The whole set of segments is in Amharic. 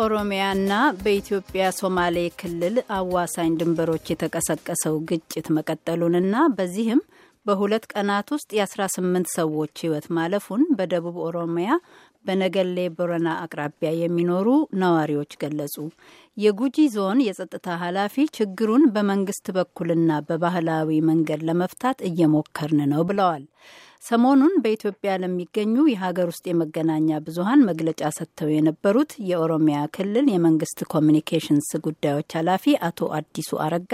በኦሮሚያና በኢትዮጵያ ሶማሌ ክልል አዋሳኝ ድንበሮች የተቀሰቀሰው ግጭት መቀጠሉንና በዚህም በሁለት ቀናት ውስጥ የ18 ሰዎች ሕይወት ማለፉን በደቡብ ኦሮሚያ በነገሌ ቦረና አቅራቢያ የሚኖሩ ነዋሪዎች ገለጹ። የጉጂ ዞን የጸጥታ ኃላፊ ችግሩን በመንግስት በኩልና በባህላዊ መንገድ ለመፍታት እየሞከርን ነው ብለዋል። ሰሞኑን በኢትዮጵያ ለሚገኙ የሀገር ውስጥ የመገናኛ ብዙሀን መግለጫ ሰጥተው የነበሩት የኦሮሚያ ክልል የመንግስት ኮሚኒኬሽንስ ጉዳዮች ኃላፊ አቶ አዲሱ አረጋ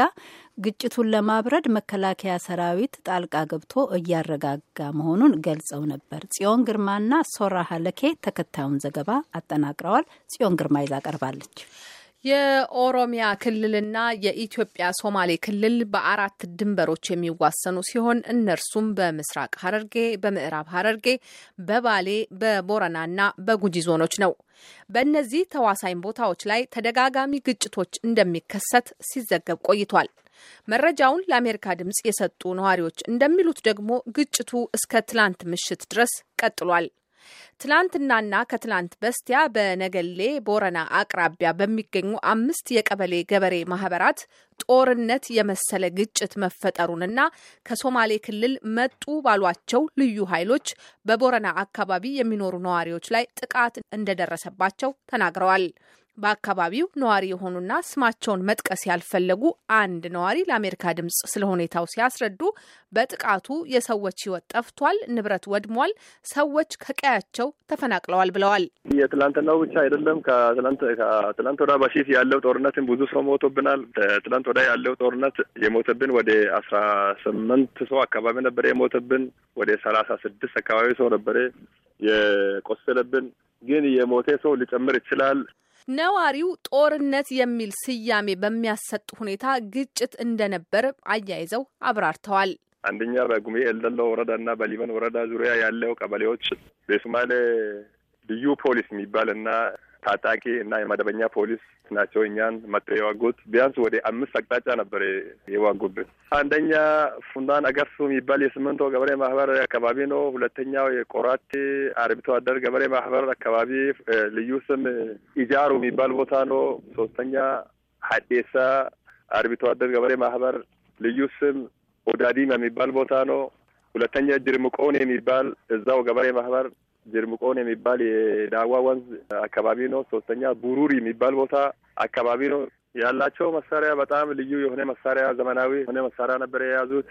ግጭቱን ለማብረድ መከላከያ ሰራዊት ጣልቃ ገብቶ እያረጋጋ መሆኑን ገልጸው ነበር። ጽዮን ግርማና ሶራ ሀለኬ ተከታዩን ዘገባ አጠናቅረዋል። ጽዮን ግርማ ይዛ ቀርባለች። የኦሮሚያ ክልልና የኢትዮጵያ ሶማሌ ክልል በአራት ድንበሮች የሚዋሰኑ ሲሆን እነርሱም በምስራቅ ሐረርጌ፣ በምዕራብ ሐረርጌ፣ በባሌ፣ በቦረናና በጉጂ ዞኖች ነው። በእነዚህ ተዋሳኝ ቦታዎች ላይ ተደጋጋሚ ግጭቶች እንደሚከሰት ሲዘገብ ቆይቷል። መረጃውን ለአሜሪካ ድምጽ የሰጡ ነዋሪዎች እንደሚሉት ደግሞ ግጭቱ እስከ ትላንት ምሽት ድረስ ቀጥሏል። ትላንትናና ከትላንት በስቲያ በነገሌ ቦረና አቅራቢያ በሚገኙ አምስት የቀበሌ ገበሬ ማህበራት ጦርነት የመሰለ ግጭት መፈጠሩንና ከሶማሌ ክልል መጡ ባሏቸው ልዩ ኃይሎች በቦረና አካባቢ የሚኖሩ ነዋሪዎች ላይ ጥቃት እንደደረሰባቸው ተናግረዋል። በአካባቢው ነዋሪ የሆኑና ስማቸውን መጥቀስ ያልፈለጉ አንድ ነዋሪ ለአሜሪካ ድምፅ ስለ ሁኔታው ሲያስረዱ በጥቃቱ የሰዎች ህይወት ጠፍቷል፣ ንብረት ወድሟል፣ ሰዎች ከቀያቸው ተፈናቅለዋል ብለዋል። የትላንትናው ብቻ አይደለም። ከትላንት ወዳ በፊት ያለው ጦርነትን ብዙ ሰው ሞቶብናል። ትላንት ወዳ ያለው ጦርነት የሞተብን ወደ አስራ ስምንት ሰው አካባቢ ነበረ የሞተብን ወደ ሰላሳ ስድስት አካባቢ ሰው ነበረ የቆሰለብን ግን የሞተ ሰው ሊጨምር ይችላል። ነዋሪው ጦርነት የሚል ስያሜ በሚያሰጥ ሁኔታ ግጭት እንደነበር አያይዘው አብራርተዋል። አንደኛ በጉሜ ኤልደሎ ወረዳ እና በሊበን ወረዳ ዙሪያ ያለው ቀበሌዎች በሶማሌ ልዩ ፖሊስ የሚባል እና ታጣቂ እና የመደበኛ ፖሊስ ናቸው እኛን መጥ የዋጉት። ቢያንስ ወደ አምስት አቅጣጫ ነበር የዋጉብን። አንደኛ ፉንዳን አገርሱ የሚባል የስምንቶ ገበሬ ማህበር አካባቢ ነው። ሁለተኛው የቆራቴ አርብቶ አደር ገበሬ ማህበር አካባቢ ልዩ ስም ኢጃሩ የሚባል ቦታ ነው። ሶስተኛ ሀዴሳ አርብቶ አደር ገበሬ ማህበር ልዩ ስም ኦዳዲማ የሚባል ቦታ ነው። ሁለተኛ ጅርምቆን የሚባል እዛው ገበሬ ማህበር ጅርምቆን የሚባል የዳዋ ወንዝ አካባቢ ነው። ሶስተኛ ቡሩሪ የሚባል ቦታ አካባቢ ነው። ያላቸው መሳሪያ በጣም ልዩ የሆነ መሳሪያ፣ ዘመናዊ የሆነ መሳሪያ ነበር የያዙት።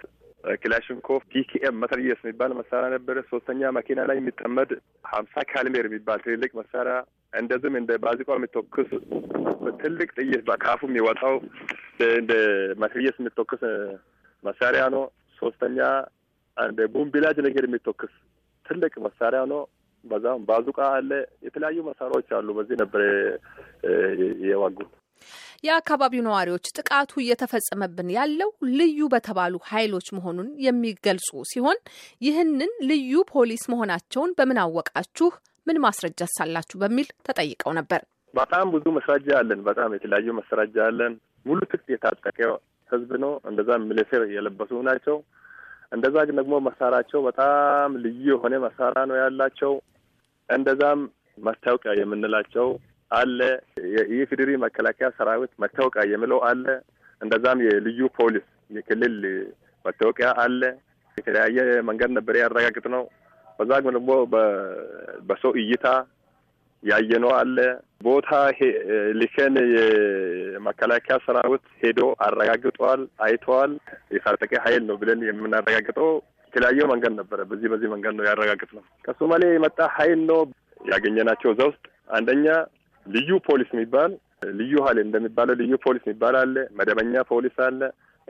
ክላሽንኮቭ ፒኬኤም መትረየስ የሚባል መሳሪያ ነበረ። ሶስተኛ መኪና ላይ የሚጠመድ ሀምሳ ካልሜር የሚባል ትልቅ መሳሪያ እንደዚህም እንደ ባዚቋ የሚተኩስ ትልቅ ጥይት በካፉ የሚወጣው እንደ መትረየስ የሚተኩስ መሳሪያ ነው። ሶስተኛ እንደ ቡምቢላጅ ነገር የሚተኩስ ትልቅ መሳሪያ ነው። በዛም ባዙቃ አለ፣ የተለያዩ መሳሪያዎች አሉ። በዚህ ነበር የዋጉት። የአካባቢው ነዋሪዎች ጥቃቱ እየተፈጸመብን ያለው ልዩ በተባሉ ኃይሎች መሆኑን የሚገልጹ ሲሆን ይህንን ልዩ ፖሊስ መሆናቸውን በምን አወቃችሁ፣ ምን ማስረጃ ሳላችሁ በሚል ተጠይቀው ነበር። በጣም ብዙ መስራጃ አለን። በጣም የተለያዩ መስራጃ አለን። ሙሉ ትጥቅ የታጠቀ ህዝብ ነው። እንደዛ ሚሊሴር የለበሱ ናቸው። እንደዛ ደግሞ መሳሪያቸው በጣም ልዩ የሆነ መሳሪያ ነው ያላቸው። እንደዛም መታወቂያ የምንላቸው አለ። የኢፌዴሪ መከላከያ ሰራዊት መታወቂያ የሚለው አለ። እንደዛም የልዩ ፖሊስ የክልል መታወቂያ አለ። የተለያየ መንገድ ነበር ያረጋግጥ ነው። በዛ ግን ደግሞ በሰው እይታ ያየነው አለ። ቦታ ልከን የመከላከያ ሰራዊት ሄዶ አረጋግጠዋል፣ አይተዋል። የታጠቀ ኃይል ነው ብለን የምናረጋግጠው የተለያየ መንገድ ነበረ። በዚህ በዚህ መንገድ ነው ያረጋግጥ ነው ከሶማሌ የመጣ ሀይል ነው ያገኘናቸው። እዛ ውስጥ አንደኛ ልዩ ፖሊስ የሚባል ልዩ ሀይል እንደሚባለው ልዩ ፖሊስ የሚባል አለ፣ መደበኛ ፖሊስ አለ፣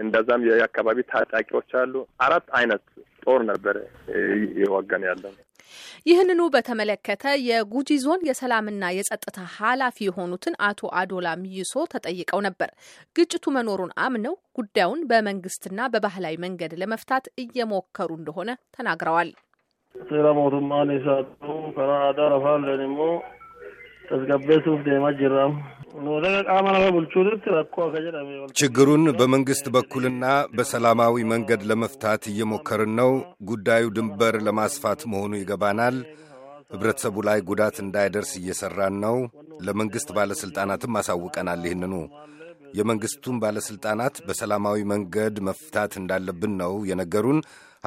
እንደዛም የአካባቢ ታጣቂዎች አሉ። አራት አይነት ጦር ነበረ ይዋጋን ያለው ይህንኑ በተመለከተ የጉጂ ዞን የሰላምና የጸጥታ ኃላፊ የሆኑትን አቶ አዶላ ሚይሶ ተጠይቀው ነበር። ግጭቱ መኖሩን አምነው ጉዳዩን በመንግስትና በባህላዊ መንገድ ለመፍታት እየሞከሩ እንደሆነ ተናግረዋል። ሴራ ሞቱማን ከና አዳ ለኒሞ ተስገቤሱፍ ደማ ጅራም ችግሩን በመንግስት በኩልና በሰላማዊ መንገድ ለመፍታት እየሞከርን ነው። ጉዳዩ ድንበር ለማስፋት መሆኑ ይገባናል። ህብረተሰቡ ላይ ጉዳት እንዳይደርስ እየሠራን ነው። ለመንግሥት ባለሥልጣናትም አሳውቀናል። ይህንኑ የመንግሥቱን ባለሥልጣናት በሰላማዊ መንገድ መፍታት እንዳለብን ነው የነገሩን።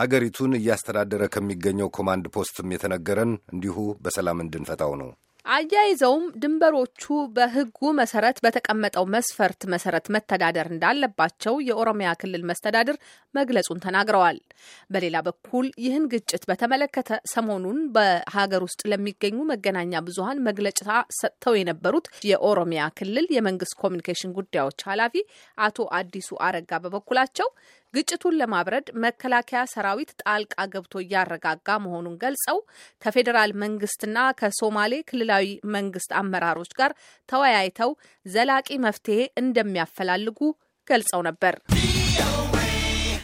ሀገሪቱን እያስተዳደረ ከሚገኘው ኮማንድ ፖስትም የተነገረን እንዲሁ በሰላም እንድንፈታው ነው። አያይዘውም ድንበሮቹ በሕጉ መሰረት በተቀመጠው መስፈርት መሰረት መተዳደር እንዳለባቸው የኦሮሚያ ክልል መስተዳድር መግለጹን ተናግረዋል። በሌላ በኩል ይህን ግጭት በተመለከተ ሰሞኑን በሀገር ውስጥ ለሚገኙ መገናኛ ብዙኃን መግለጫ ሰጥተው የነበሩት የኦሮሚያ ክልል የመንግስት ኮሚኒኬሽን ጉዳዮች ኃላፊ አቶ አዲሱ አረጋ በበኩላቸው ግጭቱን ለማብረድ መከላከያ ሰራዊት ጣልቃ ገብቶ እያረጋጋ መሆኑን ገልጸው ከፌዴራል መንግስትና ከሶማሌ ክልላዊ መንግስት አመራሮች ጋር ተወያይተው ዘላቂ መፍትሄ እንደሚያፈላልጉ ገልጸው ነበር።